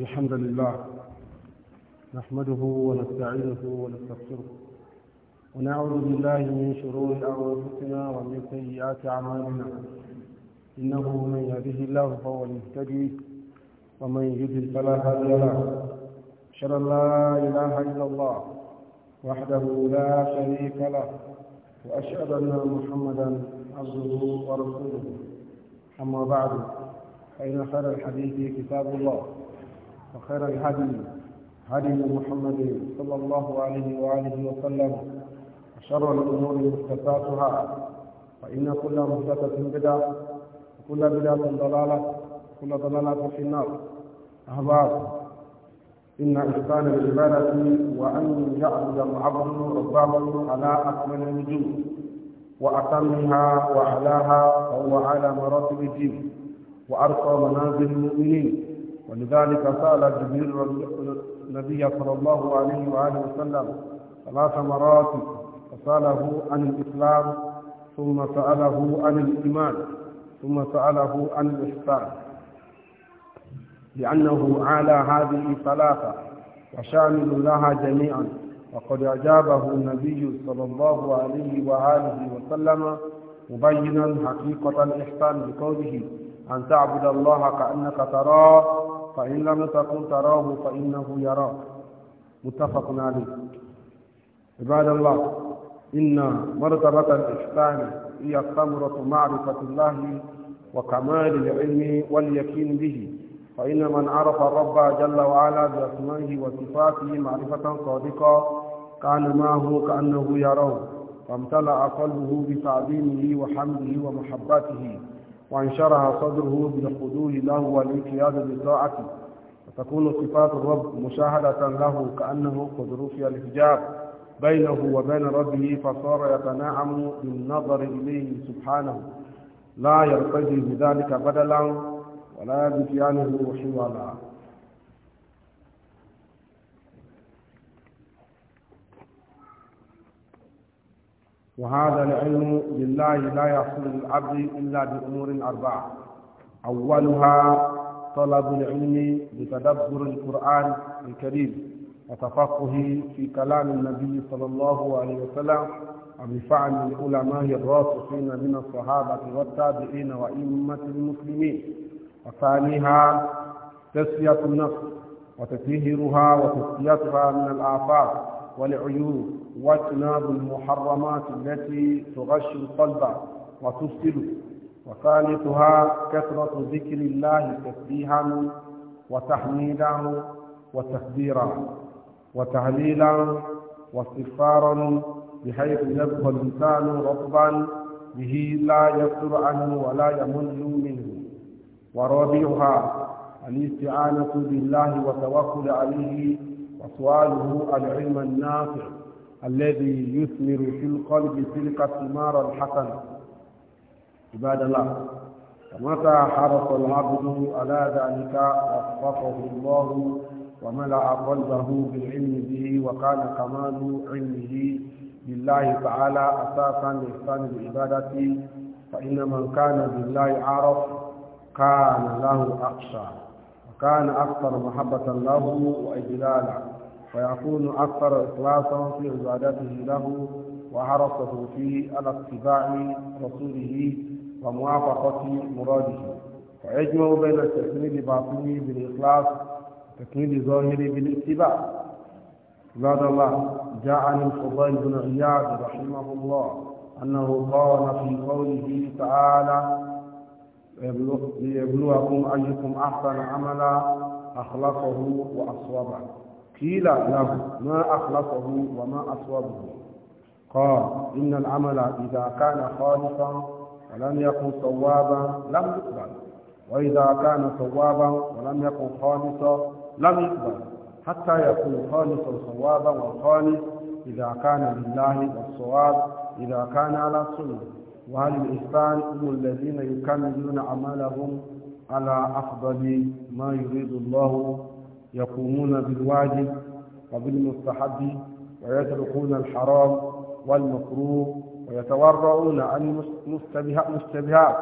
الحمد لله نحمده ونستعينه ونستغفره ونعوذ بالله من شرور أنفسنا ومن سيئات أعمالنا إنه من يهده الله فهو المهتدي ومن يضلل فلا هادي له أشهد أن لا إله إلا الله وحده لا شريك له وأشهد أن محمدا عبده ورسوله أما بعد فإن خير الحديث كتاب الله وخير الهدي هدي محمد صلى الله عليه وآله وسلم وشر الأمور محدثاتها فإن كل محدثة بدعة وكل بدعة ضلالة وكل ضلالة في النار أهباب إن إحسان العبادة وأن يعبد العبد ربه على أكمل الوجود وأتمها وأعلاها وهو على مراتب الدين وأرقى منازل المؤمنين ولذلك سأل جبريل النبي صلى الله عليه وآله وسلم ثلاث مرات فسأله عن الإسلام ثم سأله عن الإيمان ثم سأله عن الإحسان لأنه على هذه الثلاثة وشامل لها جميعا وقد أجابه النبي صلى الله عليه وآله وسلم مبينا حقيقة الإحسان بقوله أن تعبد الله كأنك تراه فإن لم تكن تراه فإنه يراك متفق عليه عباد الله إن مرتبة الإحسان هي ثمرة معرفة الله وكمال العلم واليقين به فإن من عرف الرب جل وعلا بأسمائه وصفاته معرفة صادقة كان معه كأنه يراه فامتلأ قلبه بتعظيمه وحمده ومحبته وانشرها صدره بالخضوع له والانقياد بطاعته وتكون صفات الرب مشاهدة له كأنه قد رفع الحجاب بينه وبين ربه فصار يتناعم بالنظر إليه سبحانه لا يرتجي بذلك بدلا ولا بكيانه حوالا وهذا العلم لله لا يحصل للعبد إلا بأمور أربعة أولها طلب العلم بتدبر القرآن الكريم وتفقه في كلام النبي صلى الله عليه وسلم وبفعل العلماء الراسخين من الصحابة والتابعين وأئمة المسلمين وثانيها تسوية النفس وتطهيرها وتسقيتها من الافاق والعيوب واجتناب المحرمات التي تغش القلب وتفسد وثالثها كثرة ذكر الله تسبيحا وتحميدا وتكبيرا وتهليلا واستغفارا بحيث يبقى الإنسان رطبا به لا يفتر عنه ولا يمل منه ورابعها الاستعانة بالله والتوكل عليه وسؤاله العلم النافع الذي يثمر في القلب تلك الثمار الحسنة عباد الله فمتى حرص العبد على ذلك وفقه الله وملأ قلبه بالعلم به وكان كمال علمه بالله تعالى أساسا لإحسان العبادة فإن من كان بالله عرف كان له أخشى وكان أكثر محبة له وإجلالا فيكون أكثر إخلاصا في عبادته له وحرصه في على اتباع رسوله وموافقة مراده ويجمع بين التكميل الباطني بالإخلاص وتكميل الظاهري بالاتباع عباد الله جاء عن الفضيل بن عياد رحمه الله أنه قال في قوله تعالى ليبلوكم أيكم أحسن عملا أخلصه وأصوبه قيل له ما أخلصه وما أصوبه قال إن العمل إذا كان خالصا ولم يكن صوابا لم يقبل وإذا كان صوابا ولم يكن خالصا لم يقبل حتى يكون خالصا صوابا والخالص إذا كان لله والصواب إذا كان على السنة وهل الإحسان هم الذين يكملون أعمالهم على أفضل ما يريد الله يقومون بالواجب وبالمستحب ويتركون الحرام والمكروه ويتورعون عن المشتبهات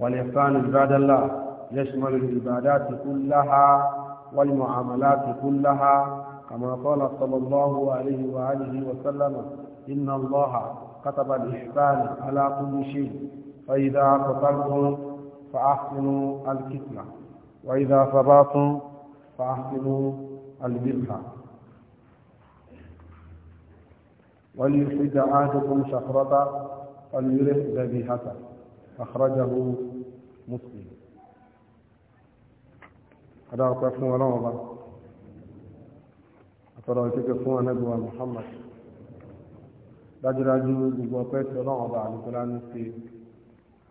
والإحسان عباد الله يشمل العبادات كلها والمعاملات كلها كما قال صلى الله عليه وآله وسلم إن الله كتب الإحسان على كل شيء فإذا قتلتم فأحسنوا الكتلة وإذا صبرتم فأحسنوا البرخة وليحد عهدكم شفرة وليرح ذبيحته أخرجه مسلم هذا أقف ونوضة أترى أتك فون نبوة محمد dájúdájú gbogbo ọpẹ́ tí Ọlọ́run ọba àlùkò lánàá ṣe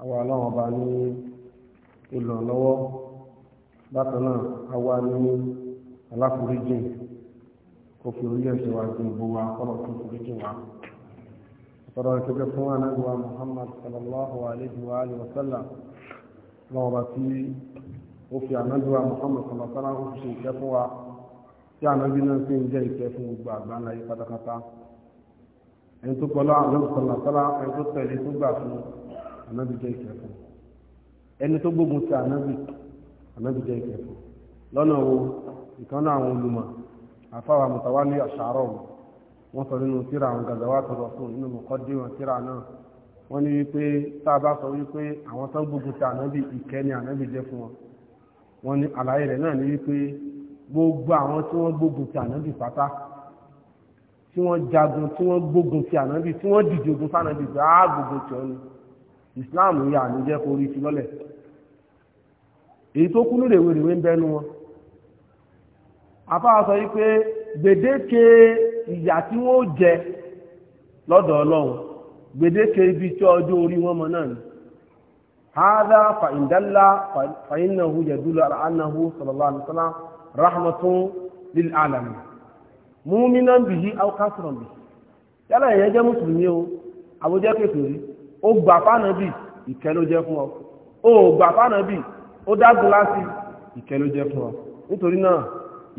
àwọn Ọlọ́run ọba ní olùrànlọ́wọ́ bákan náà àwa ní aláforíjìn kò fi orí ẹ̀ṣẹ̀ wa ju ìbò wa kọ́lọ̀ tó foríjìn wa sọ̀rọ̀ ìkẹ́kẹ́ fún anáwó Muhammad sallallahu alayhi wa alihi wa sallam lọ́wọ́ bá tí ó fi anáwó Muhammad sallallahu alayhi wa sallam ó fi ṣe ìkẹ́ fún wa tí ànábí náà sì ń jẹ́ ìkẹ́ fún gbogbo àgbáńlá yìí pátápátá ẹni tó kọlá ànábì sọlá sọlá ẹni tó tẹ̀lé tó gbà fún ànábì jẹ́ ìkẹ́ fún ẹni tó gbógun ti ànábì ànábì jẹ́ ìkẹfù lọ́nà wo ìkànnà àwọn olùmọ̀ àfáwà mùtàwálì àṣàrọ̀ wọn sọ nínú tíra àwọn gàdáwà tó rọ fún nínú mọ̀kọ́dé wọn tíra náà wọ́n ní wípé tá a bá sọ wípé àwọn tó ń ti ànábì ìkẹ́ ni ànábì jẹ́ fún wọn wọ́n ní àlàyé rẹ̀ náà ní wípé gbogbo àwọn tí wọ́n gbógun ti ànábì pátá tí wọ́n jagun tí wọ́n gbógun ti ànábì tí wọ́n dìde ogun fánábì pé á gbógun ti ọ ni Islam yà ní jẹ́ kó ti lọ́lẹ̀ èyí tó kú lórí ìwé ń bẹ́nu wọn afáà sọ wípé gbèdéke ìyà tí wọ́n jẹ lọ́dọ̀ ọlọ́run gbèdéke ibi tí ọjọ́ orí wọn mọ̀ náà ni hádá fàìndálá fàìnàhù yẹ̀dúlọ aláàánàhù sallallahu alaihi rahmatun lil alam múmínà bìí alkásùràn bìí yálà ìyẹn jẹ́ mùsùlùmí o kékeré gbà ìkẹ́ ló jẹ́ fún ọ ó gbà ó dá gíláàsì ìkẹ́ ló jẹ́ fún ọ nítorí náà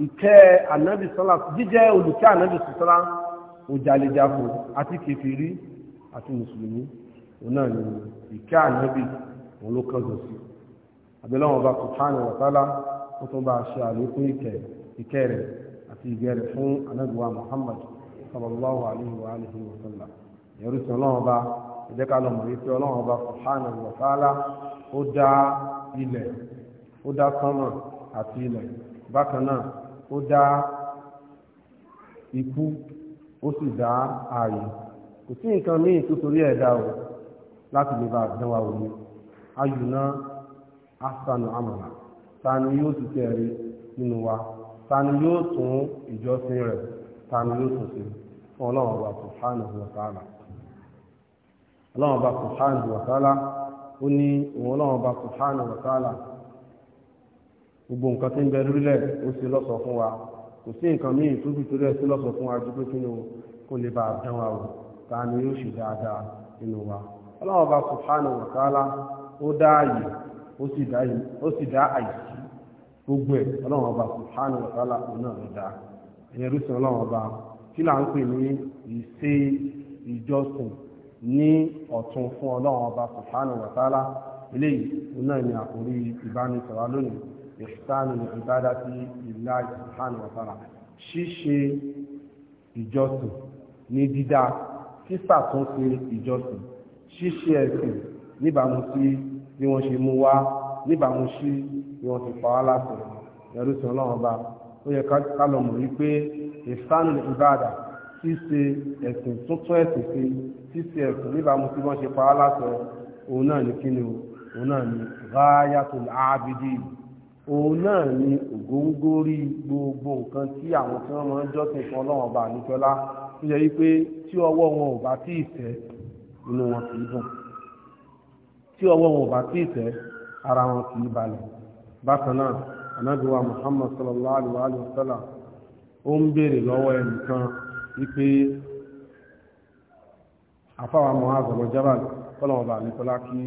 ìkẹ́ ànábì sọ́lá jíjẹ́ olùkẹ́ ànábì sọ́lá òjàlejàfò àti kèfèrí àti mùsùlùmí òun náà ni ìkẹ́ ànábì òun ló kọjọ sí àbẹ̀lọ́wọ̀n ọba subhanahu wa ta'ala ó tún bá a ṣe àlékún ìkẹ́ ìkẹ́ rẹ̀ àti ìgẹ́ rẹ̀ fún ànábì Muhammad sallallahu alayhi wa alihi wa sallam wa ilẹ̀ ó dá sánmà àti ilẹ̀ bákan náà ó dá ikú ó sì dá ààyè kò sí nǹkan míì tó torí ẹ̀ dá o láti lè bá dán wa wòye ayùnà asanu amọ̀nà ta ni yóò ti tẹ̀ nínú wa ta ni yóò tún ìjọsìn rẹ̀ ta ni yóò tún sí fún ọlọ́run ọba subhanahu wa ta'ala ọlọ́run ọba subhanahu wa ó ní òun ọlọ́run ọba subhanahu wa gbogbo nǹkan tí ń bẹ lórílẹ̀ fún wa kò sí nǹkan míì tó fi torí ẹ̀ sí lọ́sọ̀ fún wa ju pé kò lè bá a dán ni yóò ṣe dáadáa nínú wa ọlọ́run ọba subhanahu wa ó dá si ó sì gbogbo ẹ̀ ọlọ́run ọba subhanahu òun náà ló dá ní ọ̀tún fún ọlọ́run ọba subhanahu wa ta'ala eléyìí náà ni àkórí ìbánisọ̀rọ̀ lónìí ìsánù ìbádá sí ìlà subhanahu wa ta'ala ṣíṣe ìjọsìn ní dídá sísàtúnṣe ìjọsìn ṣíṣe ẹ̀sìn níbàámu sí bí wọ́n ṣe mú wá níbàámu sí bí wọ́n ti pa wá láṣẹ ẹ̀rú sí ọlọ́run ọba ó yẹ ká lọ mọ̀ wípé ìsánù ìbádá ṣíṣe ẹ̀sìn tó tọ́ ẹ̀sìn sí ṣíṣe ẹ̀sìn níbàámu tí wọ́n ṣe pa á láṣọ òun náà ní kíni o òun náà ní ghayatul abidi òun náà ní ògóńgórí gbogbo nǹkan tí àwọn tí wọ́n máa ń jọ́sìn fún ọlọ́run ọba àníkọ́lá tó yẹ wípé tí ọwọ́ wọn ò bá tí ì tẹ́ inú wọn kì í dùn tí ọwọ́ wọn ò bá tí ì tẹ́ ara wọn kì í balẹ̀ bákan náà anábìwá muhammad sallallahu alayhi wa sallam ó ń béèrè lọ́wọ́ ẹnìkan wípé afáwa Mu'adh ibn Jabal kọ́lọ̀wọ̀ kí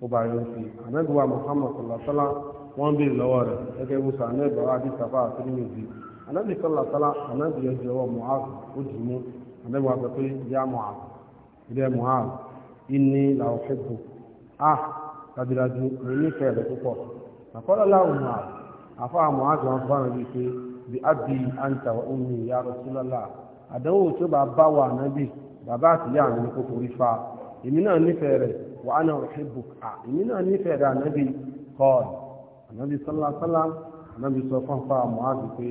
ó bá yọ sí anábíwá Muhammad sọlọ́sọ́lá wọ́n bí lọ́wọ́ rẹ̀ gẹ́gẹ́ bó sọ anábíwá adìsàfà àti nìyẹ̀dì anábí sọlọ́sọ́lá anábíyẹ̀ jọwọ́ Mu'adh ah bí wa ya Rasulullah àdánwò tí ó bá bá wà nábì bàbá àtìyá àwọn ní kókò rí fa èmi náà nífẹ̀ẹ́ rẹ̀ wà á náà ṣe bù à èmi náà nífẹ̀ẹ́ rẹ̀ ànábì kọ́ọ̀d ànábì sọ́lásọ́lá ànábì sọ fọ́nfà Mu'adh pé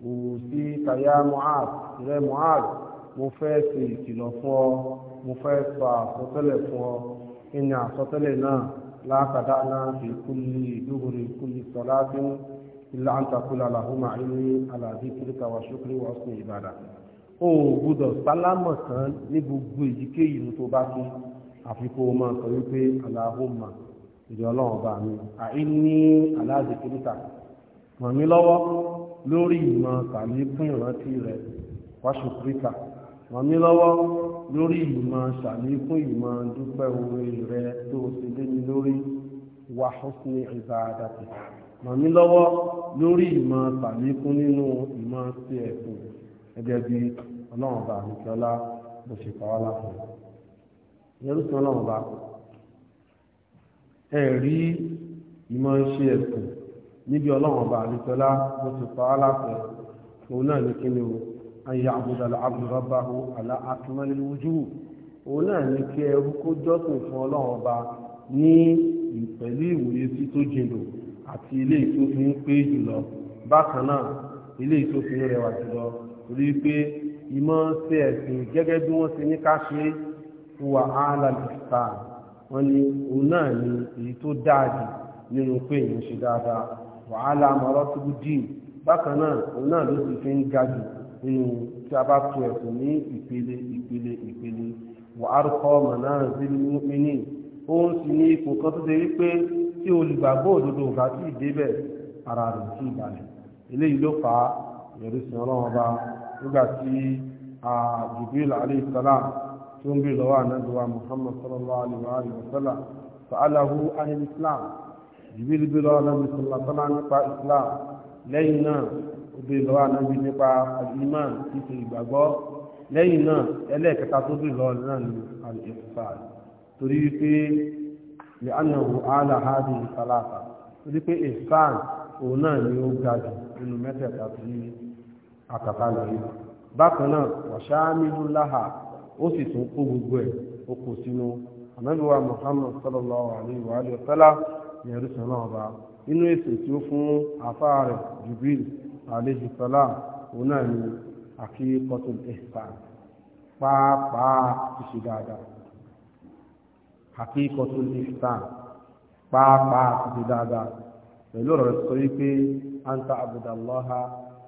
kò sí kàyà Mu'adh rẹ̀ Mu'adh mo fẹ́ ṣe ìkìlọ̀ fún ọ mo fẹ́ sọ àsọtẹ́lẹ̀ fún ọ ìní àsọtẹ́lẹ̀ náà láàkàdá náà fi kulli duburi kulli salatin illa an taqula Allahumma inni ala dhikrika wa shukri wa husni ibadati o gbúdọ̀ sálámọ̀ tán ní gbogbo èyíkéyìí tó bá kí àfikún o máa sọ wípé aláhùnmá ìjọ ọlọ́run bá mi àìní aláàzìkírítà ràn mí lọ́wọ́ lórí ìmọ̀ tàbí fún ìrántí rẹ̀ wáṣùkírítà ràn mí lọ́wọ́ lórí ìmọ̀ sàmí fún ìmọ̀ dúpẹ́ oore rẹ̀ tó ṣe lé mi lórí wàhùsùn ìbáradàtì ràn mí lọ́wọ́ lórí ìmọ̀ tàbí fún nínú ìmọ̀ sí ẹ̀kùn gẹ́gẹ́ bí ọlọ́run bá àdìkọ́lá bó ṣe pa wá láfẹ́ ìyẹrùsùn ọlọ́run bá ẹ rí ìmọ̀ ṣe ẹ̀sìn níbi ọlọ́run bá àdìkọ́lá bó ṣe pa wá láfẹ́ òun náà ní kíni o ayé àbúdàlà àbúrọ̀báhu àlà àtúmọ̀lẹ́wọ́jú òun náà ní kí ẹrú kó jọ́sìn fún ọlọ́run bá ní pẹ̀lú ìwòye sí tó jìnlò àti ilé ìtòfin pé jùlọ bákan náà ilé ìtòfin rẹwà jùlọ torí pé ìmọ̀ ṣe ẹ̀sìn gẹ́gẹ́ bí wọ́n ṣe ní ká ṣe wà áàlàlùfà wọ́n ní òun náà ni èyí tó dáàdì nínú pé èyí ṣe dáadáa wàhálà àmọ́rọ́ tó bú dì bákan náà òun náà ló sì fi ń ga jù nínú tí a bá tu ẹ̀sìn ní ìpele ìpele ìpele wàhálùkọ́ mọ̀nàrà sí mímí òun sì ní ipò kan tó ṣe wípé tí olùgbàgbọ́ òdodo ò tí ì ara rẹ̀ ò tí eléyìí ló fà á ìrìsìn ọlọ́run ọba nígbà tí Jibril alayhi salam tó ń bí lọ́wọ́ ànágbèwà Muhammad sallallahu alayhi wa sallam sa'alahu anil Islam Jibril bí lọ́wọ́ ànágbè sallallahu alayhi wa sallam nípa Islam lẹ́yìn náà ó bí lọ́wọ́ ànágbè nípa al-iman ti ṣe ìgbàgbọ́ lẹ́yìn náà ẹlẹ́ẹ̀kẹta tó bí lọ́wọ́ náà ni al-ihsan àtàkàlẹ̀ bákan náà wàṣáàmìlú láhà ó sì tún kó gbogbo ẹ̀ ó sínú ànábìwá Muhammad sallallahu alayhi wa alihi wa inú èsì tí ó fún afá rẹ̀ Jibril alayhi salam òun náà ni àkíkọ́tún ihsan pàápàá ìṣe dáadáa àkíkọ́tún ihsan pàápàá ìṣe dáadáa pẹ̀lú ọ̀rọ̀ sọ wípé anta abudulayi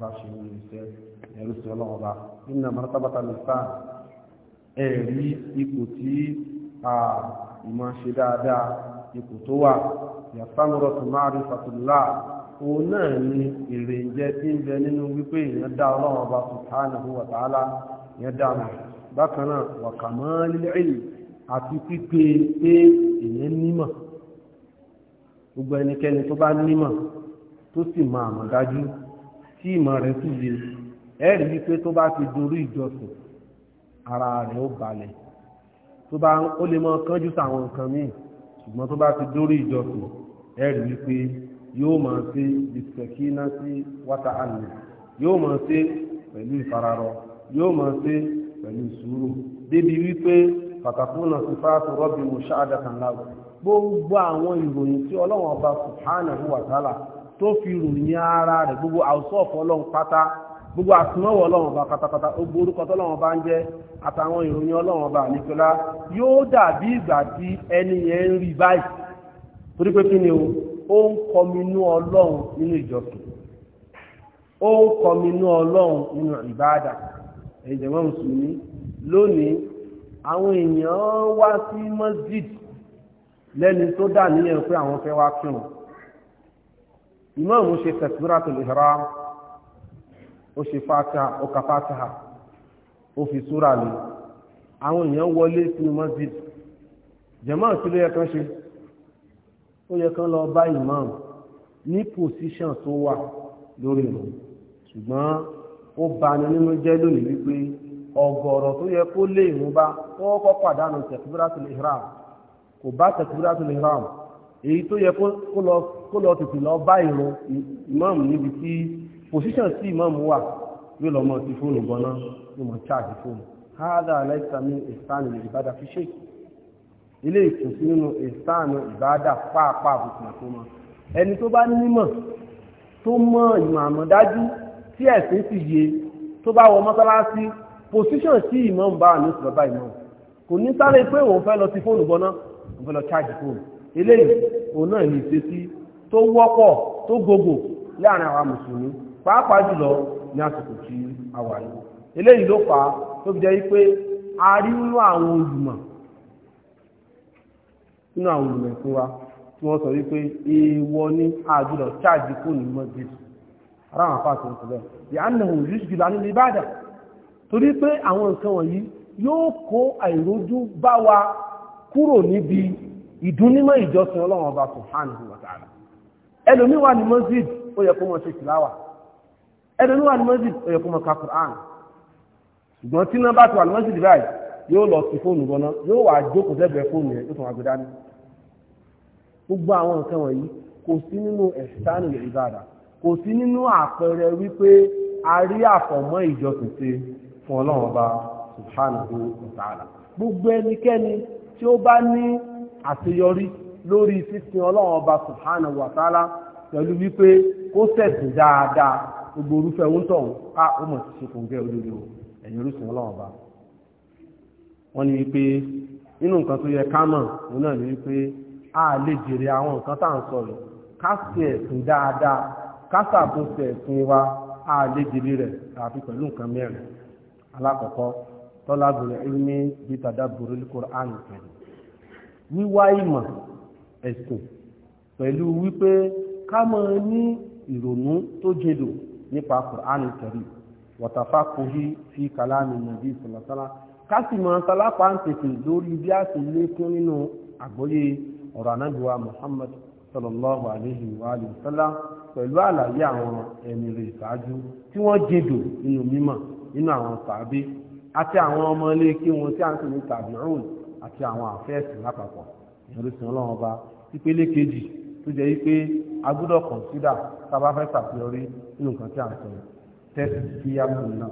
bá ṣe ní iṣẹ́ ẹ̀rú sí ọlọ́run bá nínú mọ́tàbátà nìkan ẹ̀rí ipò tí ìmọ̀ ṣe dáadáa ipò tó wà yàtàmúrọ̀ tó máa rí fàtúlá òun náà ni èrè ń jẹ́ tí ń bẹ nínú wípé èèyàn dá ọlọ́run ọba subhanahu wa ta'ala yẹn dá mọ̀ bákan náà wa kamalil ilm àti pípé pé èèyàn nímọ̀ gbogbo ẹnikẹ́ni tó bá nímọ̀ tó sì máa mọ̀ dájú tí ìmọ̀ rẹ̀ sì le ẹ̀rí wípé tó bá ti dorí ìjọsìn ara rẹ̀ ó balẹ̀ tó bá ó lè mọ kánjú sáwọn nǹkan míì ṣùgbọ́n tó bá ti dorí ìjọsìn ẹ̀rí wípé yóò máa ṣe bisikẹ́kínà sí wáta àná yóò máa ṣe pẹ̀lú ìfararọ yóò máa ṣe pẹ̀lú ìṣúrù débi wípé fàtàkùnà sífàtù rọ́bì mùsáàdà kan láwù gbogbo àwọn ìròyìn tí ọlọ́wọ́n ọba subhanahu wa ta'ala tó fi ròyìn ara rẹ̀ gbogbo àwùsọ̀fọ̀ ọlọ́run pátá gbogbo àtúnwọ̀wọ̀ ọlọ́run ọba pátápátá gbogbo orúkọ tọ́lọ́run bá ń jẹ́ àtàwọn ìròyìn ọlọ́run ọba àníkọlá yóò dàbí ìgbà tí ẹni yẹn ń rí báyìí torí pé kí ni o ó ń kọminú ọlọ́run nínú ìjọsìn ó ń kọminú ọlọ́run nínú ìbáàdà ìjọba mùsùlùmí lónìí àwọn èèyàn wá sí masjid lẹ́ni tó dà níyẹn pé àwọn fẹ́ wá kírun ìmáàmù ṣe takbiratul ihram ó ṣe fatiha ó ka fatiha ó fi súra lé àwọn èèyàn wọlé sínú masjid jàmáà tí ló yẹ kán ṣe ó yẹ kán lọ bá ìmáàmù ní pòsíṣàn tó wà lórí ìrùn ṣùgbọ́n ó bani nínú jẹ́ lónìí wípé ọ̀gọ̀rọ̀ tó yẹ kó lé ìrun bá wọ́n kọ́ pàdánù takbiratul ihram kò bá takbiratul ihram èyí tó yẹ kó lọ kó lọ tètè lọ bá ìrun ìmáàmù níbi tí position sí ìmáàmù wà yóò lọ mọ́ ti fóònù gbọ́ná yóò mọ́ charge fóònù hádà aláìsàmì ìsànì ìbádà fi ṣe ilé ìtòsí nínú ìsànì ìbádà pàápàá àbùkùn àti ọmọ ẹni tó bá nímọ̀ tó mọ̀ ìmọ̀ àmọ̀dájú tí ẹ̀sìn sì yé tó bá wọ mọ́sálásí position sí ìmáàmù bá àmì ìsìlọ́bà ìmáàmù kò ní sáré pé òun fẹ́ lọ ti fóònù gbọ́ná òun fẹ́ lọ charge fóònù eléyìí òun náà ní ìṣesí tó wọ́pọ̀ tó gbogbo láàrin àwa mùsùlùmí pàápàá jùlọ ní àsìkò tí a wà yìí eléyìí ló fà á tó fi jẹ́ wípé a rí nínú àwọn olùmọ̀ nínú àwọn olùmọ̀ ẹ̀sìn wa tí wọ́n sọ wípé èèwọ̀ ni àjùlọ cháàjì fóònù mọ́ jésù ara àwọn afá tó ń sọ bẹ́ẹ̀ yà á nà òun yìí jùlọ nínú ìbàdàn torí pé àwọn nǹkan wọ̀nyí yóò kó àìrójú bá wa kúrò níbi ìdúnnímọ̀ ìjọsìn ọlọ́run ọba subhanahu wa ta'ala ẹlòmí wà ní mọ́síd ó yẹ kó mọ́ ṣe tìláwà ẹlòmí wà ní mọ́síd ó yẹ kó mọ́ ka Qur'an ṣùgbọ́n tí náà bá ti wà ní mọ́síd báyìí yóò lọ sí fóònù gbọ́ná yóò wà jókòó sẹ́gbẹ̀ẹ́ fóònù yẹn yóò tún dání gbogbo àwọn nǹkan wọ̀nyí kò sí nínú ẹ̀sánù ìbàdà kò sí nínú àpẹẹrẹ wípé a rí àfọ̀mọ́ ìjọsìn ṣe fún ọlọ́run ọba subhanahu wa ta'ala gbogbo ẹnikẹ́ni tí ó bá ní àṣeyọrí lórí sísin ọlọ́run ọba subhanahu wa pẹ̀lú wípé kó sẹ̀sìn dáadáa gbogbo orúfẹ́ ohun tọ̀hún ó mọ̀ sí o ẹ̀yìn ọlọ́run ọba wọ́n ní wípé nínú nǹkan tó yẹ ká mọ̀ a lè jèrè àwọn nǹkan tá à ń sọ̀rọ̀ a lè jèrè rẹ̀ pẹ̀lú nǹkan mẹ́rin alákọ̀ọ́kọ́ tọ́lá tàdá ẹ̀sìn pẹ̀lú wípé ká máa ní ìrònú tó jẹlò nípa Kùránì kẹrì wọ̀tàfà kòhí fi kàlámì nàbí sọ̀lọ́sọ́lá ká sì máa sálápá ń tètè lórí bí a sì lékún nínú àgbọ́yé ọ̀rọ̀ anábìwá Muhammad sallallahu alayhi wa sallam pẹ̀lú àlàyé àwọn ẹni rẹ̀ ṣáájú tí wọ́n jẹdò nínú mímọ̀ nínú àwọn tàbí àti àwọn ọmọ ilé kí wọn tí a ń pè ní tàbí rún àti àwọn àfẹ́ẹ̀sì lápapọ̀ ìrìnsìn ọlọ́run ọba ìpele kejì tó jẹ́ wípé a gbọ́dọ̀ kọ̀nsídà tábà fẹ́ ṣàfihàn nínú nǹkan tí a ń sọ tẹ́sí sí yàtọ̀ náà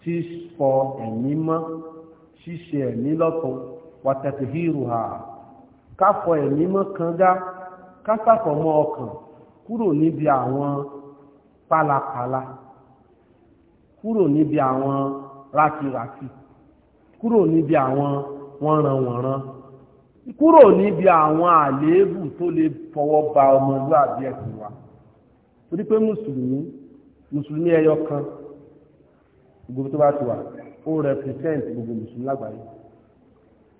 sísọ ẹ̀mí mọ́ ṣíṣe ẹ̀mí lọ́tọ̀ wàtẹ̀tẹ̀ hírù ha káfọ ẹ̀mí mọ́ kan dá kásàfọ̀ mọ́ ọkàn kúrò níbi àwọn pálapàla kúrò níbi àwọn rákìrákì kúrò níbi àwọn wọ́nranwọ̀nran kúrò níbi àwọn àléébù tó lè fọwọ́ ba ọmọlúwàbí ẹ̀sìn wa torí pé mùsùlùmí mùsùlùmí ẹyọ kan gbogbo tó bá ti wà ó represent gbogbo mùsùlùmí lágbàáyé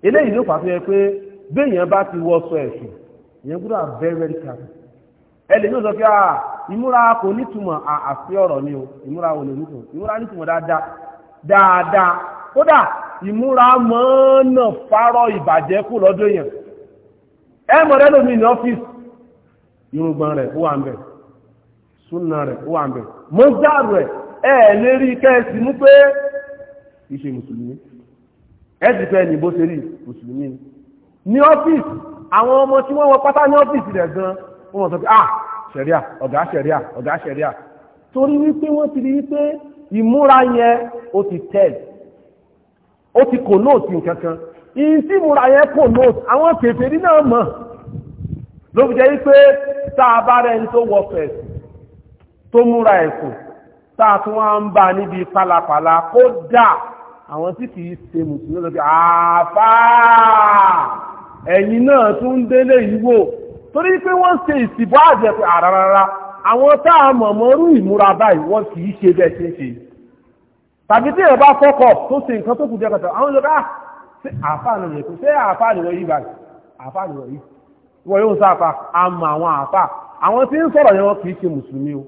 eléyìí ló fàá fi hàn pé béèyàn bá ti wọṣọ ẹ̀sìn ìyẹn gbọ́dọ̀ very very careful ẹlẹ́ yóò sọ pé à ah, ìmúra kò nítumọ̀ ah, àfi ọ̀rọ̀ ni o ìmúra ò lè nítumọ̀ ìmúra nítumọ̀ dáadáa dáadáa kódà ìmúra mọ́ọ́nà fárọ ìbàjẹ́ kù lọ́dọ̀ èèyàn ẹ mọ̀ rẹ́ lómi ní ọ́fíìsì irùngbọ̀n rẹ̀ ó wà ń bẹ̀ súnà rẹ̀ ó wà ń bẹ̀ mọ́sáàrù rẹ̀ ẹ lè rí kẹ́ẹ̀sì mú pé ìṣe mùsùlùmí ẹ sì ní bó ṣe mùsùlùmí ní ọ́fíìsì àwọn ọmọ tí wọ́n wọ pátá ní ọ́fíìsì rẹ̀ gan wọ́n mọ̀ sọ pé ah ṣẹ̀ríà ọ̀gá ṣẹ̀ríà ọ̀gá ṣẹ̀ríà torí wípé wọ́n ti rí wípé ìmúra yẹn ó ti tẹ́ẹ̀ ó ti kò nóòtì nkankan ìyìn tí múra yẹn kò nóòtì àwọn kèfèrí náà mọ̀ ló fi jẹ́ wípé tá a bá rẹ̀ ń tó wọ fẹ̀sì tó múra ẹ̀sùn tá a tún wá ń bá níbi pálapàla kó dà àwọn tí kìí ṣe mùsùlùmí lọ́dọ̀ àfà ẹ̀yìn náà tún ń délé ìwò torí pé wọ́n ṣe ìsìnbọ̀ àjẹpẹ́ àràràrà àwọn tá a mọ̀ mọ́rú ìmúra báyìí wọ́n kìí ṣe bẹ́ẹ̀ ṣe ṣe tàbí tí èèyàn bá fọ́kọ̀ tó ṣe nǹkan tó kù jẹ́ kàtà àwọn ìjọba ṣe àfáàní rẹ̀ kù ṣé àfáàní rẹ̀ yìí báyìí àfáàní rẹ̀ yìí wọ́n yóò sáfà a mọ àwọn àfà àwọn tí ń sọ̀rọ̀ yẹn wọn kì í ṣe mùsùlùmí o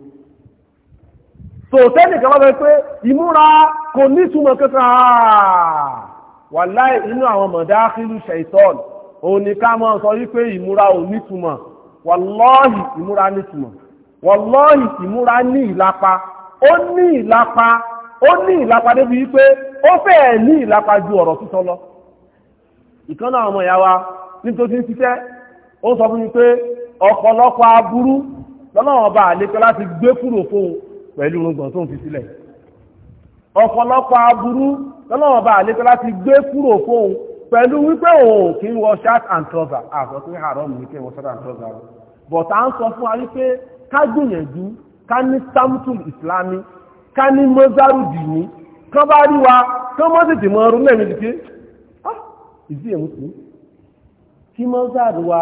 so tẹ́nìkan wọ́n fẹ́ pé ìmúra kò ní túmọ̀ kankan wà láì inú àwọn mọ̀dáhìlú ṣẹ̀tọ́n òní ká mọ́ sọ wípé ìmúra ò ní túmọ̀ wàlọ́ọ̀hì ìmúra ní túmọ̀ wàlọ́ọ̀hì ìmúra ní ìlapa ó ní ìlapa ó ní ìlapa débi wípé ó fẹ́ẹ̀ ní ìlapa ju ọ̀rọ̀ sísọ lọ ìkan náà ọmọ ìyá wa nítorí ń ṣiṣẹ́ ó sọ fún mi pé ọ̀pọ̀lọpọ̀ aburú lọ́lọ́wọ́n bá àlékọ́ láti gbé kúrò fóun pẹ̀lú orúngbọ̀n tó ń fi sílẹ̀ ọ̀pọ̀lọpọ̀ aburú lọ́lọ́wọ́n bá àlékọ́ láti gbé kúrò fóun pẹ̀lú wípé òun kì í wọ shirt and trouser àṣọ pé haram ní kí wọ shirt and trouser but à ń sọ fún wa wípé ká gbìyànjú ká ní samtul islami ká ní mọ́sárù dì ní kán bá rí wa kán mọ́ sì ti mọ́ ọrún lẹ́yìn dìde ìdí èmú sí kí mọ́sárù wa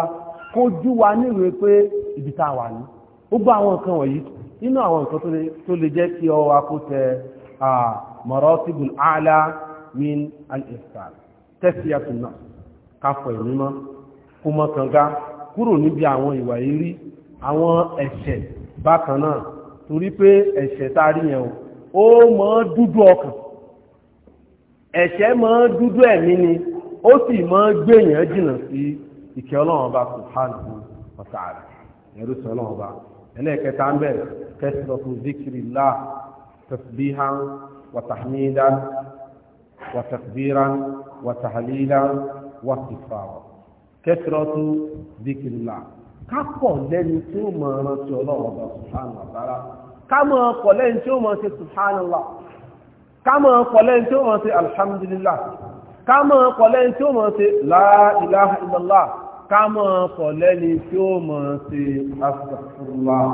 kójú wa níwèé pé ibi wà ní gbogbo àwọn nǹkan wọ̀nyí nínú àwọn nǹkan tó lè jẹ́ kí ọ wa kó tẹ maratibul a'la min al-ihsan tẹ́síyàtù náà káfọ̀ ìmímọ́ kó mọ́ kànga kúrò níbi àwọn ìwà ìrí àwọn ẹ̀ṣẹ̀ bákan náà torí pé ẹ̀ṣẹ̀ tá a rí yẹn o ó mọ́ dúdú ọkàn ẹ̀ṣẹ̀ mọ́ dúdú ẹ̀mí ni ó sì mọ́ gbèyàn jìnnà sí ìkẹ́ ọlọ́run ọba subhanahu wa ta'ala ẹ̀rú sí ọlọ́run ọba ẹlẹ́ẹ̀kẹta ń bẹ̀rẹ̀ kẹsìlọ́tún zikrillah tasbihan wa tahmidan wa takbiran wa tahlilan wa istighfar kẹsìlọ́tún zikrillah kápọ̀ lẹ́ni tí ó mọ̀ ọ̀rọ̀ tí ọlọ́run ọba subhanahu wa ta'ala ọkọ̀ lẹ́ni tí ó mọ̀ ṣe subhanallah ká ọkọ̀ lẹ́ni tí ó mọ̀ ṣe alhamdulillah ká mọ̀ ọkọ̀ lẹ́ni tí ó mọ̀ ṣe la ilaha illallah ká mọ̀ ọkọ̀ lẹ́ni tí ó mọ̀ ṣe astaghfirullah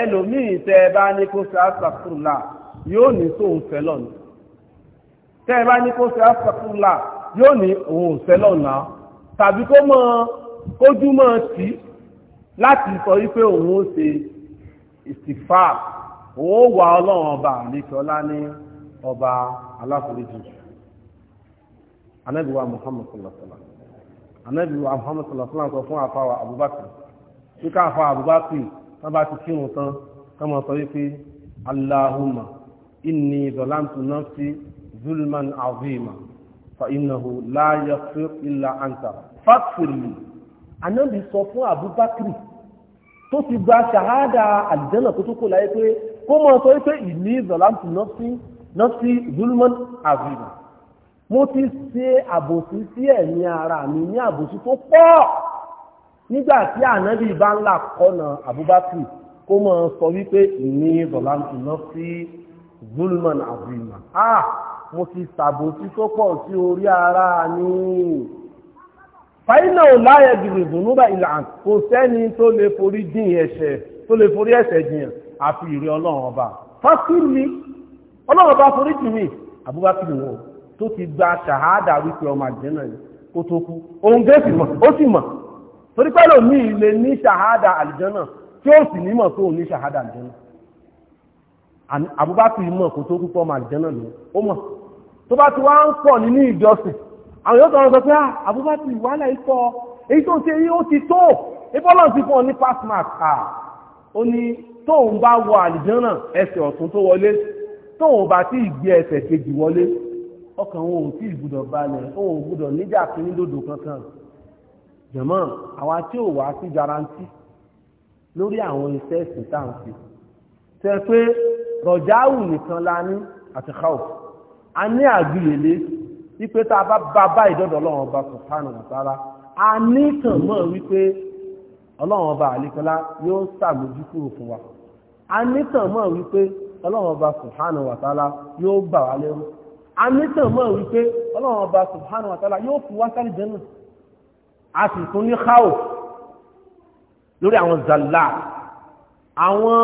ẹlòmíì tẹ́ ẹ bá ní kó ṣe astaghfirullah yóò ní sóun fẹ́lọ́n tẹ́ ẹ bá ní kó ṣe astaghfirullah yóò ní òun fẹ́lọ́n náà tàbí kó mọ kójú mọ́ láti sọ wípé òun ó ṣe ìsìfà òun ó wà ọlọ́run ọba àlejòọlá ní ọba aláforíjì anábìwá muhammad sallasala anábìwá muhammad sallasala sọ fún àfàwà abubakar kíkà àfàwà abubakar tán bá ti kírun tán kán mọ sọ wípé allahumma inni zalamtu nafsi zulman azima fa innahu la yaghfir illa anta faghfir li anábì sọ fún Abubakar tó ti gba ṣàhádà àlìjẹ́nà tó tó kó láyé pé kó mọ́ sọ wípé ìní ìzọ̀láǹtì nọ́sí nọ́sí zulman avila mo ti ṣe àbòsí sí ẹ̀mí ara mi ní àbòsí tó pọ̀ nígbà tí ànábì bá ńlá kọ́nà Abubakar kó mọ́ sọ wípé ìní ìzọ̀láǹtì nọ́sí zulman avila ah mo ti ṣàbòsí tó pọ̀ sí orí ara mi fàyínà ò láyẹ gbìgbìgbò nígbà ìlànà kò sẹ́ni tó lè forí dín ẹ̀ṣẹ̀ tó lè forí ẹ̀ṣẹ̀ jìyàn àfi ìrẹ ọlọ́run ọba fásitì ọlọ́run ọba forí jì mí Abubakar wọn tó ti gba ṣàhádà wípé ọmọ àjẹ́nà yìí kó tó kú òun gé sì mọ̀ ó sì mọ̀ torí pẹ́lú mi lè ní ṣàhádà àlìjọ́nà tí ó sì nímọ̀ tó ní ṣàhádà àlìjọ́nà Abubakar mọ̀ kó tó kú pọ́ ọmọ àlìjọ́nà lọ ó mọ̀ tó bá ti wá ń pọ̀ nínú ìjọsìn àwọn yóò tọrọ sọ pé àbúbátì ah, wàhálà ikọ̀ èyí tó ń ṣe yí ó ti tó ìbọ́lọ̀ ti fún ọ ní pasmark à ó ní tóun bá wọ àlìjánà ẹsẹ̀ ọ̀tún tó wọlé tóun bá tí ìgbé ẹsẹ̀ kejì wọlé ọkàn wọn ò tí ìgbúdọ̀ balẹ̀ wọn ò gbúdọ̀ níjà kìíní lòdò kankan jẹ̀mọ́ àwa tí ò wá sí garanti lórí àwọn iṣẹ́ ẹ̀sìn tá à ń fi tẹ pé rọ̀jáwù nìkan la ní àti káwọ̀ a ní àgbìyèlé wípé tá a bá bá bá ìdọ́dọ̀ ọlọ́run ọba subhanahu wa ta'ala a nítàn mọ̀ wípé ọlọ́run ọba àlékọ́lá yóò ṣàmójúkúrò fún wa a nítàn mọ̀ wípé ọlọ́run ọba subhanahu wa ta'ala yóò gbà wá lẹ́rú a nítàn mọ̀ wípé ọlọ́run ọba subhanahu wa ta'ala yóò fún wá sáré jẹ́nà a sì tún ní káwò lórí àwọn zàlá àwọn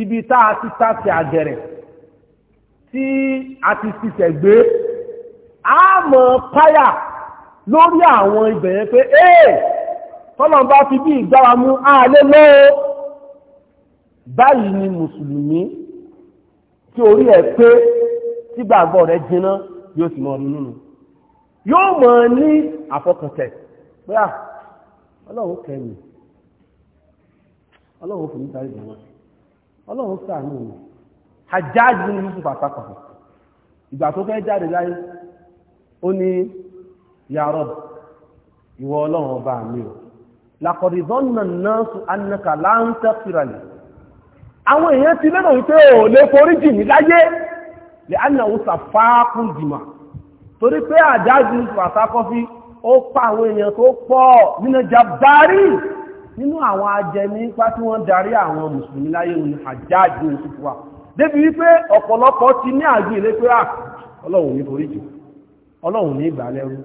ibi tá a ti ta sí àgẹ̀rẹ̀ tí a ti ti tẹ̀ gbé a mọ̀ páyà lórí àwọn ibẹ̀ yẹn pé ee tọ́lọ̀n bá fi bí ìgbára mú ààlẹ́ lọ́wọ́ báyìí ni mùsùlùmí tí orí ẹ̀ pé tí gbàgbọ́ rẹ̀ jiná yóò sì mọ̀ nínú yóò mọ̀ ní àfọkàntẹ̀ pé à ah, ọlọ́run kẹ́mi ọlọ́run fún ìtàrí ìjọba ọlọ́run ṣàánú mi àjáde ní yusuf àtàkọ̀ ìgbà tó fẹ́ jáde láyé ó ní ya Rabb ìwọ ọlọ́run ọba mi o laqad dhanna an-nasu annaka lan taghfira li àwọn èèyàn ti lérò wípé ò lè forí jì mí láyé lè annahu safaqul dima' torí pé àjájú pàtàkọ́fí ó pa àwọn èèyàn tó pọ̀ nínú jàbárí nínú àwọn ajẹni ipá tí wọ́n darí àwọn mùsùlùmí láyé òun àjájú ìsìnkú wa débi wípé ọ̀pọ̀lọpọ̀ ti ní àjú ilé pé à ah, ọlọ́run ní foríjì ọlọ́run ní ìgbà lẹ́rú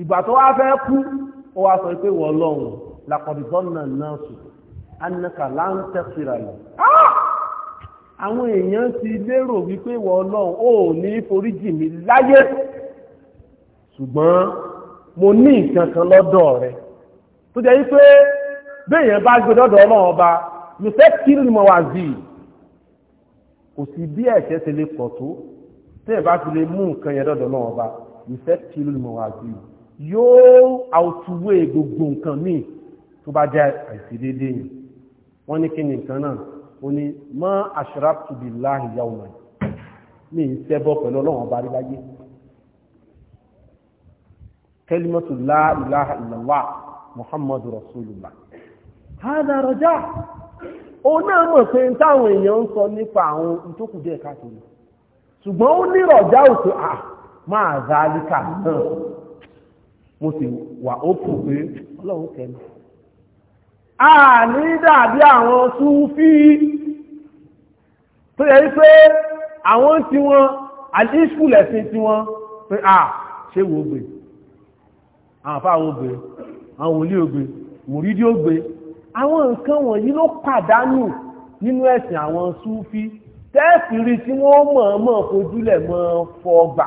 ìgbà tó wá fẹ́ kú ó wá sọ pé wọ ọlọ́run làkọ̀dùsọ́nà náà sùn anaka láńtẹ́sìrà lọ. àwọn èèyàn ti lérò wípé wọ ọlọ́run ó ní foríjì mi láyé ṣùgbọ́n mo ní nǹkan kan lọ́dọ̀ rẹ tó jẹ́ wípé béèyàn bá gbé dọ́dọ̀ ọlọ́run ọba yóò fẹ́ kí ni mo wà sí i kò sí bí ẹ̀ṣẹ̀ ṣe lè pọ̀ tó tẹ́ẹ̀ bá fi lè mú nǹkan yẹn dọ́dọ̀ ọlọ́run ọba ìfẹ́ tí ló ní mọ̀ wá sí yóò àwùtúwé gbogbo nǹkan míì tó bá jẹ́ àìsídédé yìí wọ́n ní kí ni nǹkan náà ó ní mọ́ ashrabtu billahi yawman ní ìṣẹ́bọ̀ pẹ̀lú ọlọ́run ọba ríláyé kalimatu la muhammadu rasulullah hada raja ó náà mọ̀ pé táwọn èèyàn ń sọ nípa àwọn ìtókùdé ẹ̀ka tòun ṣùgbọ́n ó ní rọ̀já òkè à máa za alíkà náà mo sì wà ó pò pé ọlọ́run kẹ́mi. a ní dàbí àwọn súfí tó yẹ pé àwọn tí wọn àdíṣù lẹ̀sìn tí wọn pé a ṣé wo gbè àwọn afáwọn ògbè àwọn wòlíì ògbè mùrídìí ògbè àwọn nǹkan wọ̀nyí ló pàdánù nínú ẹ̀sìn àwọn súfí tẹ́ẹ̀sì rí tí wọ́n mọ̀ọ́mọ̀ fojúlẹ̀ mọ́ fọgbà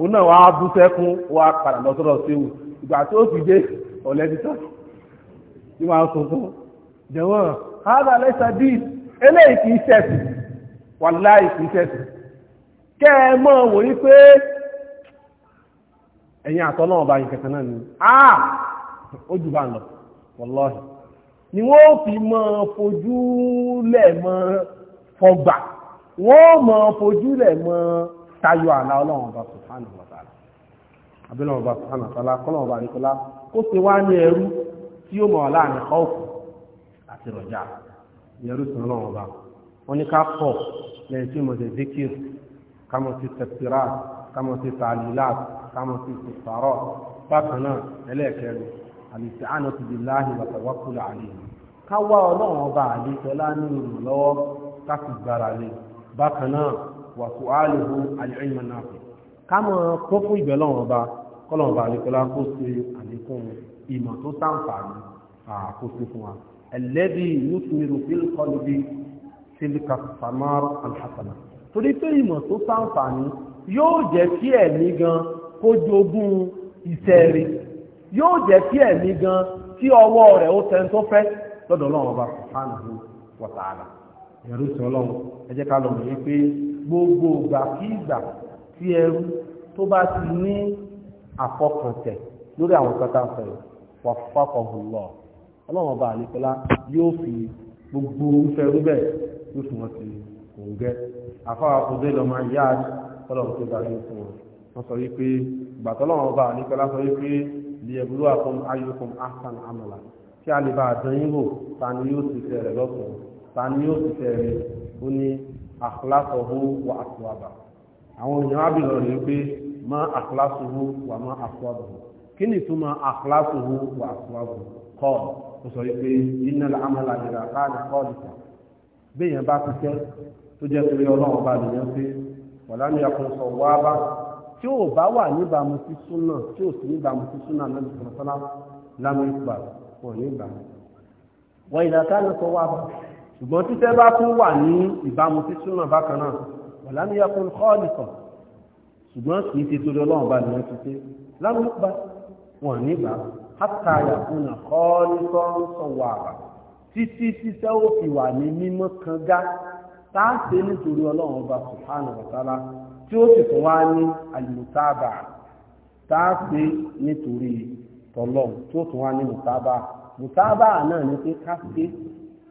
òun náà wàá bú sẹ́kún wàá padà lọ sọ́dọ̀ séwu ìgbà tí ó fi dé ọ̀lẹ́bí tán ní máa ń sunkún jẹ̀wọ́n hádà lẹ́sà díì eléyìí kìí ṣẹ̀sì wàláì kìí ṣẹ̀sì kẹ́ ẹ mọ̀ wò yí pé ẹ̀yin àtọ́ náà bá yín kẹ̀kẹ́ náà ni áà ah! ó jù bá ń lọ wàláì ni wọ́n fi mọ́ fojú lẹ̀ mọ́ fọgbà wọ́n mọ́ fojú lẹ̀ mọ́ táyọ àlá ọlọ́run ọba subhanahu wa ta'ala abẹ́lẹ̀ ọba subhanahu wa ta'ala kọ́lọ̀ ọba àríkọlá ó ṣe wá ní ẹrú tí ó mọ̀ láàrin ọ̀fù àti rọ̀jà ẹrú sí ọlọ́run ọba wọn ní ká pọ̀ lẹ́yìn tí mo ṣe zikir ká mọ̀ sí tẹ̀síra ká mọ̀ sí tàlílà ká mọ̀ bákan náà ẹlẹ́ẹ̀kẹrin àlìsí àná ti di láàyè wàtàwákùlà àlejò ká wá ọlọ́run ọba àlejò lá wà tó áàlùhù àlẹ́rìnmọ̀ náà ká mọ̀ kó fún ìbẹ̀ lọ́wọ́n ọba kọ́lọ́wọ́n ọba àlekọ́lá kó ṣe àlékún ìmọ̀ tó sàǹfààní àkóso fún wa ẹlẹ́bí yusmiru fil qalbi tilka samar alhassana torí pé ìmọ̀ tó sàǹfààní yóò jẹ́ kí ẹ̀mí gan kó jogún iṣẹ́ rí yóò jẹ́ kí ẹ̀mí gan kí ọwọ́ rẹ̀ ó tẹ́ tó fẹ́ lọ́dọ̀ ọlọ́run ọba subhanahu wa ta'ala ẹ̀rú sí ọlọ́run ẹ jẹ́ ká lọ mọ̀ wípé gbogbo ìgbà kí ìgbà tí ẹrú tó bá ti ní àfọkàntẹ̀ lórí àwọn kọta fẹ̀rẹ̀ wà fọ́kànlọ́ ọlọ́run ọba àlekọlá yóò fi gbogbo ìfẹ́ rúbẹ̀ yóò fi wọ́n ti òǹgẹ́ àfáà ọdẹ lọmọ ìyá ọlọ́run tó darí fún wọn wọ́n sọ wípé ìgbà tọ́lọ́run ọba àlekọlá sọ wípé liyabuluwa kum ayyukum ahsan amala kí a lè bá àdán yín wò ta ni yóò ti fẹ́ rẹ̀ lọ́sọ̀ọ́ ta ni yóò ti fẹ́ ó ní àkùlásọ̀hó wà àkùwàbà àwọn èèyàn ábìlọ̀ rẹ̀ pé má àkùlásọ̀hó wà má àkùwàbà kí ni túmọ̀ àkùlásọ̀hó wà àkùwàbà kọ́ ọ sọ pé iná làmàlà nira káàdì kọ́ọ̀dù kan béèyàn bá ti tẹ́ tó jẹ́ pé ọlọ́run bá nìyẹn pé wàlá ni àkùnsọ̀ wá bá tí ò bá wà níbàámu sí súnà tí ò sí níbàámu sí súnà náà lọ́sọ̀rọ̀ sọ́lá lámú ìgbà wọ̀ nígbà wọ́n ìdàkánì sọ wá bá ṣùgbọ́n títẹ́ bá tún wà ní ìbámu sí súnà bákan náà wà láníyà fún kọ́ọ̀lìkọ̀ ṣùgbọ́n kì í ti torí ọlọ́run bá nìyẹn ti ṣe lámúpa wọn nígbà hátà yàkúnà kọ́ọ̀lìkọ̀ ń sọ wà àbà títí títẹ́ ó fi wà ní mímọ́ kan gá táàṣe nítorí ọlọ́run bá subhanahu wa ta'ala tí ó sì tún wá ní àlùmùtáàbà táàṣe nítorí tọlọ́run tí ó tún wá ní mùtáàbà mùtáàbà náà ní pé ká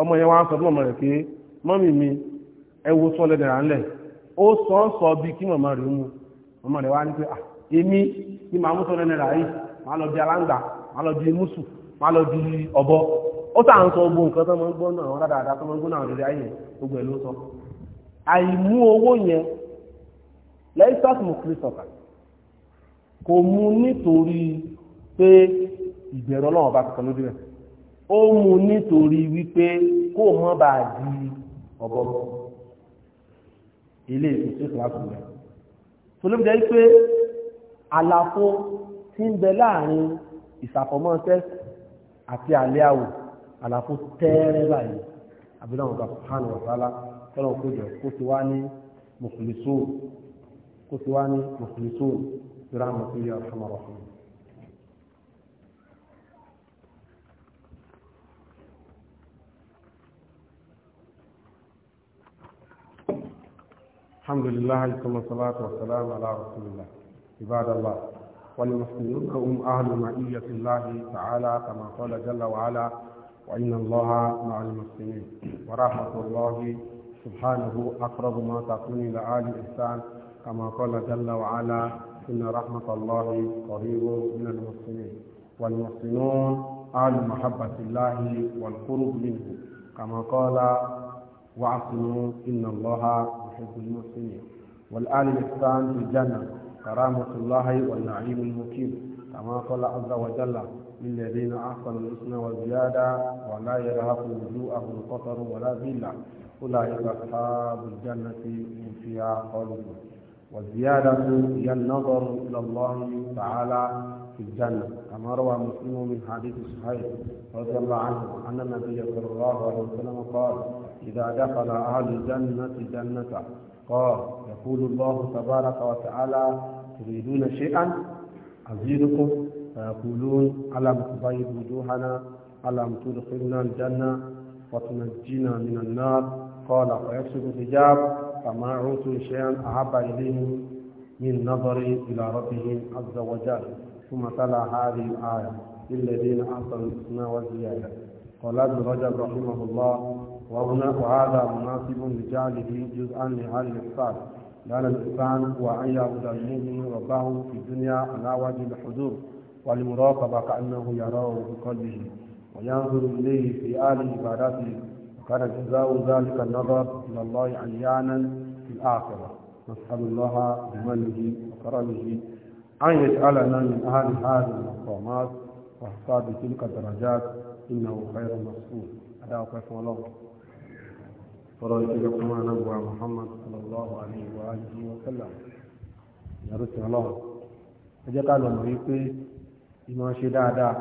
ọmọ yẹn wá sọ fún ọmọ rẹ̀ pé mọ́mì mi ẹ wo sọ lẹ́dẹ̀ rà ńlẹ̀ ó sọ ń sọ bí kí màmá rẹ̀ mú ọmọ rẹ̀ wá ní pé à èmi ni màá mú sọ lẹ́dẹ̀ rà yìí màá lọ di aláǹgbà màá lọ di mùsù màá lọ di ọ̀bọ ó tà ń sọ gbogbo nǹkan tó máa ń gbọ́ náà dáadáa tó máa ń ọba kankan ó mú nítorí wípé kó mọ́ bá di ọ̀bọ ilé ìfòsíkò àkùnrin tolóbìdẹ́ wípé àlàfo tí ń bẹ láàrin ìsàfọ̀mọ́ tẹ́sì àti àlẹ́ àwò àlàfo tẹ́ẹ́rẹ́ báyìí àbílẹ̀ ọ̀gá subhanahu wa ta'ala tọ́lọ̀ kó jẹ kó ti wá ní mukhlisun kó ti wá ní mukhlisun ìrànlọ́pẹ́ yà fún ọ̀rọ̀ fún mi. الحمد لله ثم الصلاة والسلام على رسول الله عباد الله والمسلمون هم أهل معية الله تعالى كما قال جل وعلا وإن الله مع المسلمين ورحمة الله سبحانه أقرب ما تكون إلى آل الإنسان كما قال جل وعلا إن رحمة الله قريب من المسلمين والمحسنون أهل محبة الله والقرب منه كما قال واعصموا إن الله حيث يوصيني والآل الإحسان في الجنة كرامة الله والنعيم المقيم كما قال عز وجل للذين أحسنوا الحسنى وزيادة ولا يرهق وجوههم قصر ولا ذلة أولئك أصحاب الجنة هم فيها خالدون والزيادة هي النظر إلى الله تعالى في الجنة كما روى مسلم من حديث صحيح رضي الله عنه أن النبي صلى الله عليه وسلم قال إذا دخل أهل الجنة جنة قال يقول الله تبارك وتعالى تريدون شيئا أزيدكم فيقولون ألم تبيض وجوهنا ألم تدخلنا الجنة وتنجينا من النار قال فيكسب الحجاب فما عوت شيئا أحب إليهم من نظري إلى ربهم عز وجل ثم تلا هذه الآية للذين أحسنوا الحسنى والزيادة قال ابن رجب رحمه الله وهنا وهذا مناسب لجعله جزءا لهذه الإحسان لأن الإنسان هو أن يعبد المؤمن ربه في الدنيا على وجه الحضور والمراقبة كأنه يراه بقلبه وينظر إليه في آل عباداته وكان جزاء ذلك النظر إلى الله عيانا في الآخرة نسأل الله بمنه وكرمه أن يجعلنا من أهل هذه المقامات وأصحاب تلك الدرجات إنه خير مسؤول هذا وقف الله فرأيتك كما نبوى محمد صلى الله عليه وآله وسلم يا رسول الله أجاك على مريقي إما شدادا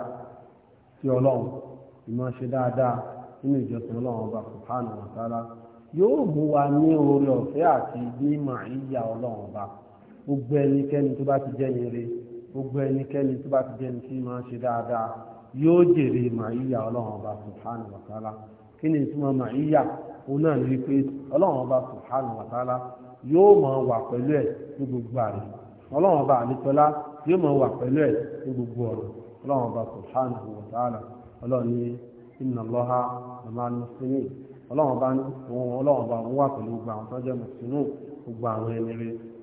في الله إما شدادا nínú ìjọsìn ọlọ́run ọba subhanahu yóò mú wa ní oore ọ̀fẹ́ àti bí màá yíya ọlọ́run ọba gbogbo ẹnikẹ́ni tó bá ti jẹ́ ni re gbogbo ẹnikẹ́ni tó bá ti jẹ́ ni tí máa ń ṣe dáadáa yóò jèrè màáyíyà ọlọ́run ọba subhanahu wa ta'ala kí ni ìtumọ̀ màáyíyà òun náà ní pé ọlọ́run ọba subhanahu wa ta'ala yóò máa wà pẹ̀lú ẹ̀ ní gbogbo àrè ọlọ́run ọba àlítọ́lá yóò máa wà pẹ̀lú ẹ̀ ní gbogbo ọ̀rọ̀ ọlọ́run ọba subhanahu wa ọlọ́run ọlọ́run ọba ń wà pẹ̀lú gbogbo àwọn tó jẹ́ mùsùlùmí gbogbo àwọn ẹni rẹ̀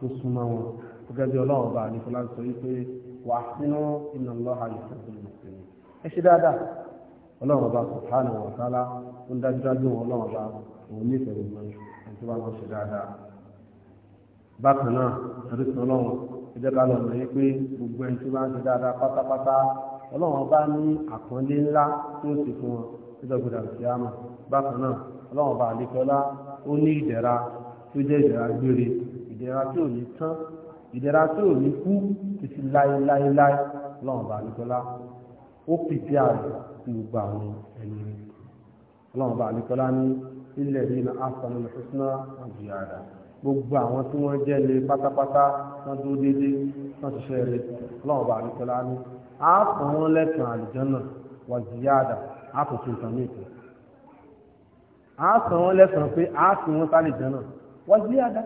tó súnmọ́ wọn gẹ́gẹ́ bí ọlọ́run bá àdìsọ láti sọ wípé wà sínú iná lọ́ha mùsùlùmí ẹ ṣe dáadáa ọlọ́run bá wa ta'ala ó ń wọn ọlọ́run bá nífẹ̀ẹ́ gbogbo tó bá lọ ṣe dáadáa bákan náà ọlọ́run ẹ jẹ́ ká lọ mọ̀ gbogbo ẹni tó bá ń ṣe dáadáa pátápátá ọlọ́run bá ní àpọ́nlé ńlá tó ti fún wọn ìdẹ̀ra tí ò ní tán ìdẹ̀ra tí ò ní kú títí láéláéláé lọ́wọ́n bá nìkọ́lá ó pìpì àrùn sí gbogbo àwọn ẹni lọ́wọ́n bá nìkọ́lá ní ilẹ̀ yìí ní asanu lọ́sọ́sọ́nà àti yàrá gbogbo àwọn tí wọ́n jẹ́ lé pátápátá wọ́n dúró déédéé wọ́n ṣiṣẹ́ rẹ̀ lọ́wọ́n bá nìkọ́lá ní àpọ̀ wọn lẹ́tàn àlùjọ́nà wà ziyada àpọ̀ tó ìtàn mìíràn àpọ̀ wọn lẹ́tàn pé àpọ̀ wọn sálẹ̀ jọ́nà wà ziyada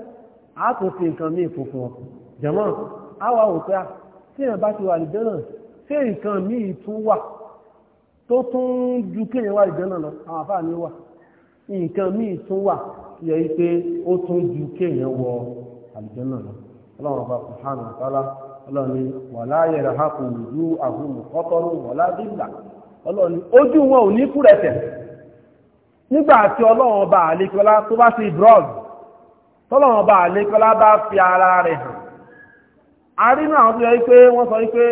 a tó fi nǹkan míì fún fún ọ jẹ̀mọ́ a wà wò pé tí èèyàn bá ti wà lìjẹ́ náà ṣé nǹkan míì tún wà tó tún ju kéèyàn wà lìjẹ́ náà lọ àwọn àfáà ní wà nǹkan míì tún wà yẹ pé ó tún ju kéèyàn wọ àlìjẹ́ lọ ọlọ́run ọba subhanahu wa ta'ala ọlọ́run ni wàlá yẹ̀rẹ̀ ha kò rújú àhùn ọtọ́rún wàlá dìlà ọlọ́run ojú wọn ò ní kúrẹ̀tẹ̀ nígbà tí ọlọ́run ọba àlekọlá tó bá ti brọ́ọ̀dù tọ́lọ́wọ́n bá àlékọ́lá bá fi ara rẹ̀ hàn a rí náà wọ́n tó yẹ pé wọ́n sọ wípé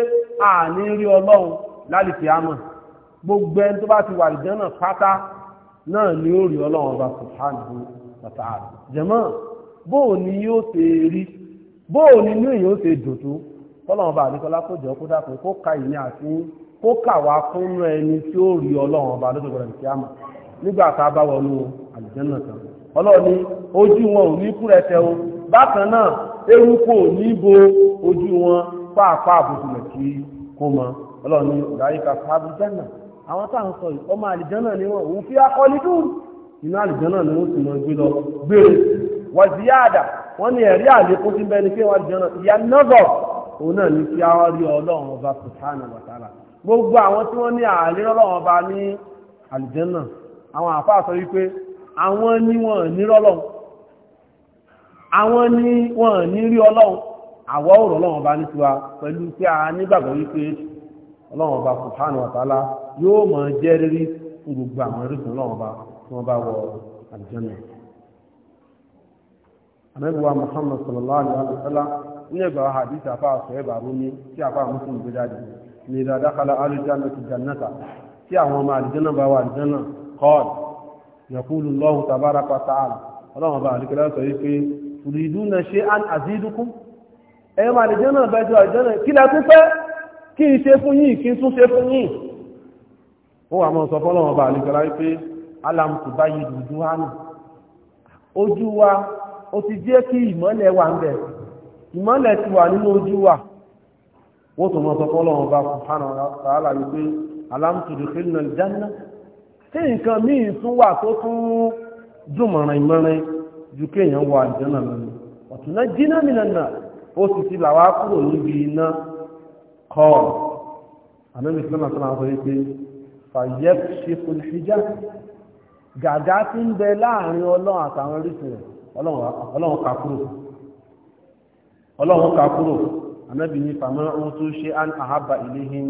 a ní rí ọlọ́run lálìfì àmọ́ gbogbo ẹni tó bá ti wà lìjẹ́ náà pátá náà ni ó rí ọlọ́run ọba subhanahu wa ta'ala jẹ́mọ́ bóò ni yóò ṣe rí bóò ni inú èèyàn ṣe dùn tó tọ́lọ́wọ́n bá àlékọ́lá kó jọ kó dàpọ̀ kó ka ìní àti kó kà wá fún ẹni tí ó rí ọlọ́run ọba lọ́dọ̀ gbọ́dọ̀ nígbà bá wọnú àlìjẹ́ náà tán ọlọ́ọ̀ni ojú wọn ò ní kúrẹ̀tẹ̀ o bákan náà eruku ò ní bo ojú wọn pàápàá àbùkùnlẹ̀ kí kó mọ ọlọ́ọ̀ni ìdáríkà fábùjánà àwọn tá à ń sọ yìí ọmọ àlìjánà ni wọn òun fi akọlidú inú àlìjánà ni wọn sì lọ gbé lọ gbére wàzíyáàdà wọn ni ẹ̀rí àlékún tí ń bẹni pé àlìjánà ìyá nọ́gọ̀ òun náà ní kí á rí ọlọ́run ọba sùtánà wàtàlà gbogbo àwọn tí wọ́n ní àlérọ́lọ́run ọba ní àlìjánà àwọn àfáà sọ àwọn ni wọ́n ní rọ́lọ́un àwọn ni wọ́n ní rí ọlọ́un àwọ̀ òrò ọlọ́run bá nítiwa pẹ̀lú pé a nígbàgbọ́ wípé ọlọ́run ọba subhanahu wa yóò mọ̀ jẹ́ rírí gbogbo àwọn orísun ọlọ́run ọba tí wọ́n bá wọ àlùjànnà àmẹ́bùwà muhammad sallallahu alaihi wa sallam ní ẹgbà hadith àfáà sọ̀rọ̀ yàkúlù lọ́hùn tàbára pàtàkì ọlọ́run bá àríkẹ́ láti sọ yí pé ìrìdú na ṣe án àzídúkú ẹ̀yọ́ máa lè jẹ́ náà bẹ́jọ ìjọ́nà kí la tún fẹ́ kí n ṣe fún yín kí n tún ṣe fún yín ó wà mọ́ sọ fọ́lọ́run bá àríkẹ́ láti pé alam tó bá yí dùdú hánù ojú wa tí nǹkan míì tún wà tó tún dùn mọ̀rin mọ̀rin ju kéèyàn wọ àjẹ́nà lọ́nà ọ̀tún náà jiná mìíràn ó sì ti làwá kúrò níbi iná kọ́ àmẹ́bí sílẹ̀ náà sọ́nà sọ wípé fàyẹ́ ṣe fòlìṣíjá gàgá tí ń bẹ láàrin ọlọ́run àtàwọn orísun rẹ̀ ọlọ́run kà kúrò ọlọ́run kà fàmọ́ ohun tó ṣe àhábà ìléhìn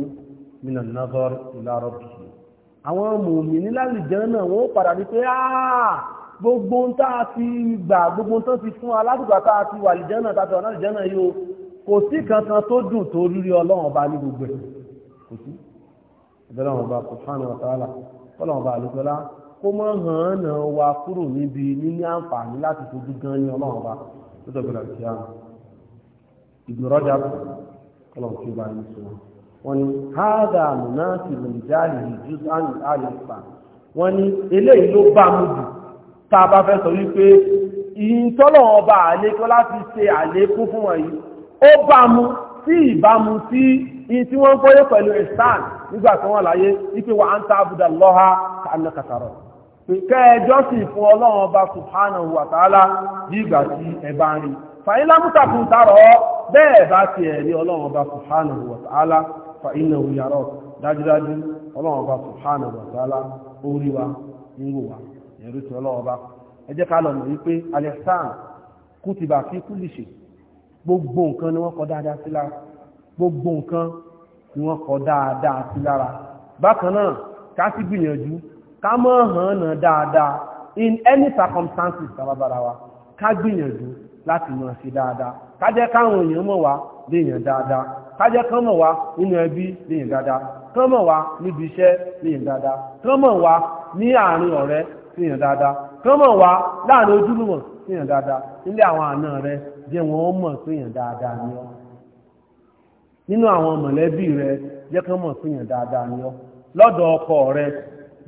mìíràn náà sọ́rọ̀ ìlà rọ̀bì àwọn mùmí nílàlìjẹ́ náà wọ́n padà ní pé áà gbogbo ń ti gbà gbogbo ń ti fún aládùgbà tàà ti wà lìjẹ́ náà tàbí ọ̀nà lìjẹ́ náà yóò kò sí kankan tó dùn tó rírí ọlọ́run ọba ní gbogbo ẹ̀ kò sí ìbẹ̀rẹ̀ ọba kò fánà ọ̀tàlá ọlọ́run ọba àlùkọ́lá kó mọ́ hàn án náà wá kúrò níbi níní àǹfààní láti fojú gan ní ọlọ́run ọba tó dọ̀gbẹ̀rẹ̀ kí á ìgbìmọ̀ rọ́jà ọlọ́run tí ó bá wọ́n ní hádà àmúná ti lòdìjáàlì ìjú sáàlì àyàfà wọ́n ní eléyìí ló bá mú jù tá a bá fẹ́ sọ wípé ìtọ́lọ̀ ọba àlékọ́ láti ṣe àlékún fún wọn yìí ó bá mú sí ìbámu sí in tí wọ́n ń kọ́yé pẹ̀lú ìsàn nígbà tí wọ́n láyé wípé wà á ń ta àbúdà lọ́ha kàánà kàtàrọ̀ kẹjọ́ sì fún ọlọ́run subhanahu wa ta'ala bí ìgbà tí ẹ bá ń rí fàyínlámùtàkùn tààrọ̀ bẹ́ẹ̀ bá ti ẹ̀rí ọlọ́run subhanahu wa ta'ala fa innahu yarak dájúdájú ọlọ́wọ́n bá subhanahu wa ta'ala orí wa ń wò wá ẹ̀rú ti ọlọ́wọ́n bá ẹ jẹ́ ká lọ mọ̀ wípé alẹ́sàn kutiba fi kulli shay gbogbo nǹkan ni wọ́n kọ dáadáa sí lára gbogbo nǹkan ni wọ́n kọ dáadáa sí lára bákan náà ká sì gbìyànjú ká mọ̀ hàn dáadáa in any circumstances tàbábára wa ká gbìyànjú láti mọ̀ sí dáadáa ká jẹ́ káwọn èèyàn mọ̀ wá léèyàn dáadáa kájẹ́ kán wá nínú ẹbí lẹ́yìn dáadáa kán wá níbi iṣẹ́ lẹ́yìn dáadáa kán wá ní àárín ọ̀rẹ́ lẹ́yìn dáadáa kán wá láàrin ojúlùmọ̀ lẹ́yìn dáadáa nílé àwọn àna rẹ jẹ́ wọn mọ̀ lẹ́yìn dáadáa ni ọ́ nínú àwọn mọ̀lẹ́bí rẹ jẹ́ kán mọ̀ lẹ́yìn dáadáa ni ọ́ lọ́dọ̀ ọkọ rẹ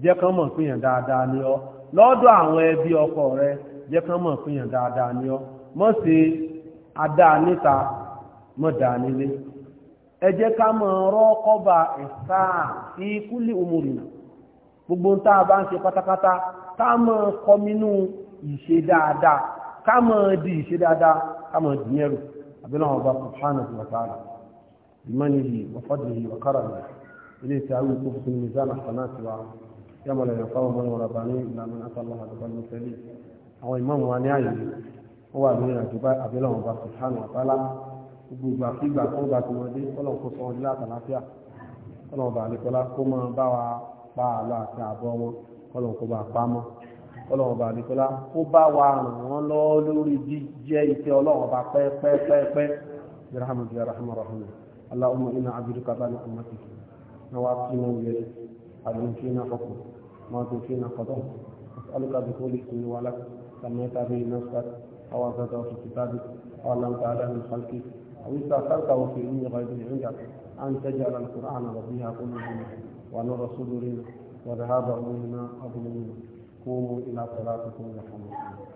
jẹ́ kán mọ̀ lẹ́yìn dáadáa ni ọ́ lọ́dọ̀ àwọn ẹbí ọkọ rẹ jẹ́ kán mọ̀ lẹ́yìn ni ọ́ mọ̀ sí adá níta mọ̀ dá nílé ẹ jẹ́ ká máa rọ́kọ́bà ìsáà sí kúlì òmùrìnà gbogbo tá a bá ń ṣe pátápátá ká máa kọminú ìṣe dáadáa ká máa di ìṣe dáadáa ká máa dì yẹrù abẹ́lẹ́wọ̀n ọba subhanahu wa ta'ala bimanihi wa fadlihi wa karamihi ilé tí a wù kó fún mi zánà kanáà tiwa yá mọ̀lẹ́ yẹn fáwọn wa ní àyè ó wà lórí àdúgbò abẹ́lẹ́wọ̀n ọba subhanahu wa gbogbo àkígbà fún ìgbà tí wọ́n dé ọlọ́run kó sọ wọn ní àtàláfíà ọlọ́run bá nìkọlá kó máa bá wa pa àlọ́ àti àbọ̀ wọn pa mọ́ kó bá wa ràn wọ́n lọ lórí bá aláwọ̀ iná ní ọmọdé àdúgbò fi náà أو استأثرته في أمي غيبه عندك أن تجعل القرآن ربيع قلوبنا ونور صدورنا وذهاب أمورنا أظلمنا قوموا إلى صلاتكم وحمدكم